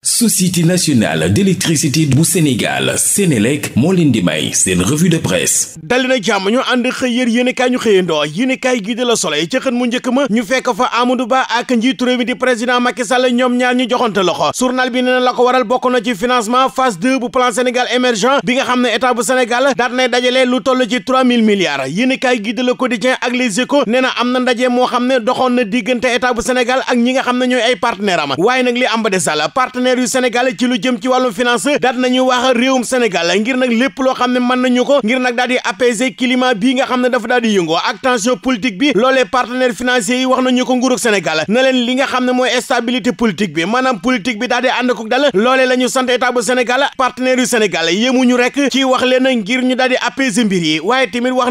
société nationale d'électricité bu Sénégal Sénélec moo leen di may seen revue de presse dali jàmm ñu ànd xëy yér yéenekaay ñu xëyandoo yéenekaay gi di la Soleil ci xët mu njëkk ma ñu fekk fa Amadou Ba ak njiitu di président Macky Sall ñoom ñaar ñu joxante loxo journal bi nee na la ko waral bokk na ci financement phase 2 bu plan Sénégal émergent bi nga xam ne état bu Sénégal daat nay dajale lu toll ci 3000 milliards yéenekaay gi di la Quotidien ak am na ndaje moo xam ne doxoon na diggante état bu ak ñi nga xam ne ñooy ay partenaire am waaye nag li partenaires yu sénégalais ci lu jëm ci wàllum finance nañu wax réewum sénégal ngir nag lépp loo xam ne mën na ko ngir nag daal di apaiser climat nga xam ne dafa daal di yëngoo ak tension politique bi loolee partenaires financiers yi wax nañu ko nguurug sénégal na li nga xam ne mooy stabilité politique bi maanaam politique bi daal di ànd ko dal loolee la ñu sant état bu sénégal partenaires yu sénégal yémuñu rek ci wax leen ngir ñu daal di mbir yi waaye tamit wax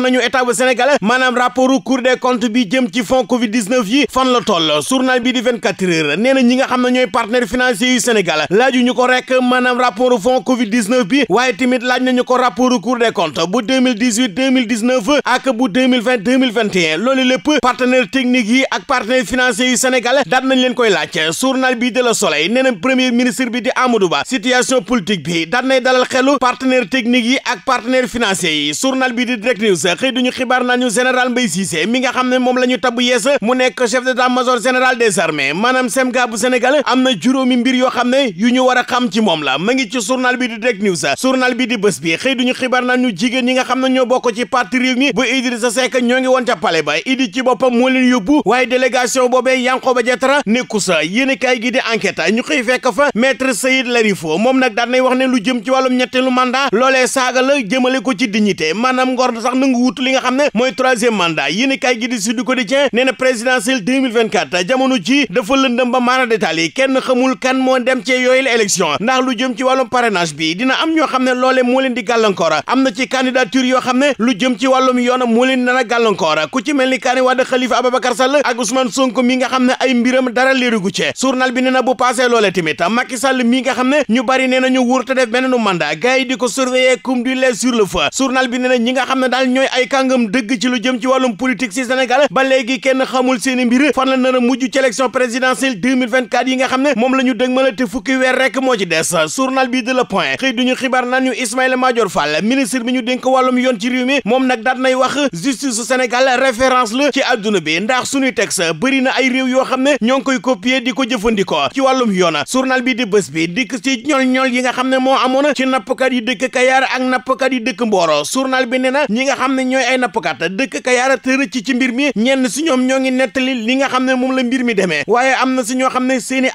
na ñi nga Sénégal laaju ñu ko rek maanaam rapport fond covid 19 bi waaye tamit laaj nañu ko rapport cour des comptes bu ak bu 2020 2021 loolu lépp partenaire yi ak partenaire financier yu Sénégal daat nañ leen koy laaj journal bi de Le Soleil nee premier ministre bi di Amadou Ba situation politique bi daat nay dalal xelu partenaire technique yi ak partenaire financier yi journal bi di Direct News xëy duñu xibaar nañu général Mbaye Cissé mi nga xam ne moom la ñu tabb yéene yu ñu war a xam ci moom la ma ngi ci journal bi di Direct News journal bi di bés xëy duñu xibaar naan ñu jigéen ñi nga xam ne bokk ci parti Rewmi bu Idrissa Seck ñoo ngi woon ca palais ba idi ci boppam moo leen yóbbu waaye délégation boobee Yankhoba Diattara nekku sa yéene kaay gi di enquête ñu xëy fekk fa maître Seyid Larifo moom nag daan nay wax ne lu jëm ci wàllum ñetteelu mandat loolee saaga la jëmale ko ci di Sud Quotidien nee na présidentielle 2024 jamono ji dafa ci yooyu la élection ndax lu jëm ci wàllum parrainage bi dina am ñoo xam ne loole moo leen di gàllankoor am na ci candidature yoo xam ne lu jëm ci wàllum yoon moo leen dana gàllankoor ku ci mel ni Karim Wade Khalifa Ababacar Sall ak Ousmane Sonko mi nga xam ne ay mbiram dara léeru gu ci journal bi ne na bu passé loole tamit Macky Sall mi nga xam ne ñu bari nee na ñu wóor te def benn mandat gars yi di ko surveiller comme du lait sur le feu bi nee na nga xam ne daal ñooy ay kàngam dëgg ci lu jëm ci wàllum politique ci Sénégal ba kenn xamul seeni mbir fan la nar a mujj ci élection yi nga xam ne moom la ñu fukki weer rek moo ci des journal bi de Le Point xëy duñu xibaar naan ñu Ismaïla Madior Fall ministre bi ñu dénk wàllum yoon ci réew mi moom nag daat nay wax justice su Sénégal la ci àdduna bi ndax suñuy texte bëri ay réew yoo xam ne ñoo ngi ko copier di ko jëfandikoo ci wàllum yoon journal bi di bés bi dikk ci ñol-ñol yi nga xam ne moo amoon ci nappkat yi dëkk Kayaar ak nappkat yi dëkk Mboro journal bi nee na ñi nga xam ne ñooy ay nappkat dëkk Kayaar te ci mbir mi ñenn si ñoom ñoo ngi nettali li nga xam ne moom la mbir mi demee waaye am na si ñoo xam ne seeni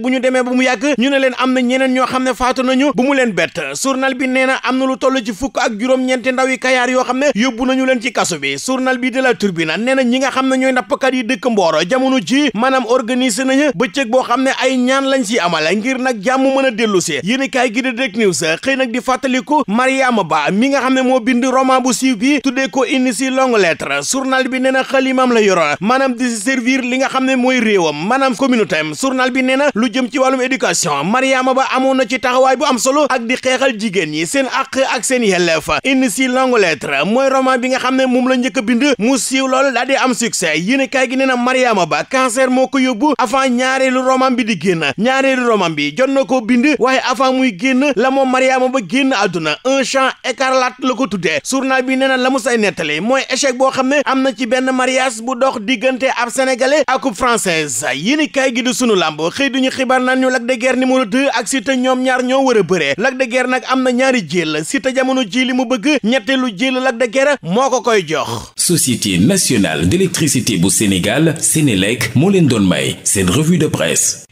bu ñu demee ba mu yàgg ñu ne leen am na ñeneen ñoo xam ne faatu nañu bu mu leen bett surnal bi nee na am na lu toll ci fukk ak juróom-ñeenti ndaw kayaar yoo xam ne yóbbu nañu leen ci kaso bi journal bi de la Tribune nee na ñi nga xam ne ñooy nappkat yi dëkk Mboro jamono ji maanaam organiser nañu bëccëg boo xam ne ay ñaan lañ ci amale ngir nag jàmm mën a dellu si yéen kaay gi di Direct News xëy nag di fàttaliku Mariama Ba mi nga xam ne moo bind roma bu siiw bi tuddee ko indi si longue lettre journal bi nee na xalimaam la yoro maanaam di servir li nga xam ne mooy réewam maanaam communauté am journal bi nee na jëm ci wàllum éducation Mariama Ba amoon na ci taxawaay bu am solo ak di xeexal jigéen ñi seen àq ak seen yelleef indi si longue lettre mooy roman bi nga xam ne moom la njëkk a bind mu siiw loolu daal di am succès yéen kaay gi nee na Mariama Ba cancer moo ko yóbbu avant ñaareelu roman bi di génn ñaareelu roman bi jot na ko bind waaye avant muy génn la moom Mariama Ba génn àdduna un champ écarlate la ko tuddee journal bi nee na la mu say nettali mooy échec boo xam ne am na ci benn mariage bu dox diggante ab sénégalais ak française yéen gi du sunu làmb xëy ñuy xibaar naan ñu Lac de Guiers numéro 2 ak Siteu ñoom ñaar ñoo war a bëree Lac de Guiers nag am na ñaari si te jamono jii li mu bëgg ñetteelu jël Lac de Guiers moo ko koy jox. Société nationale d'électricité bu Sénégal Sénélec moo leen doon may seen revue de presse.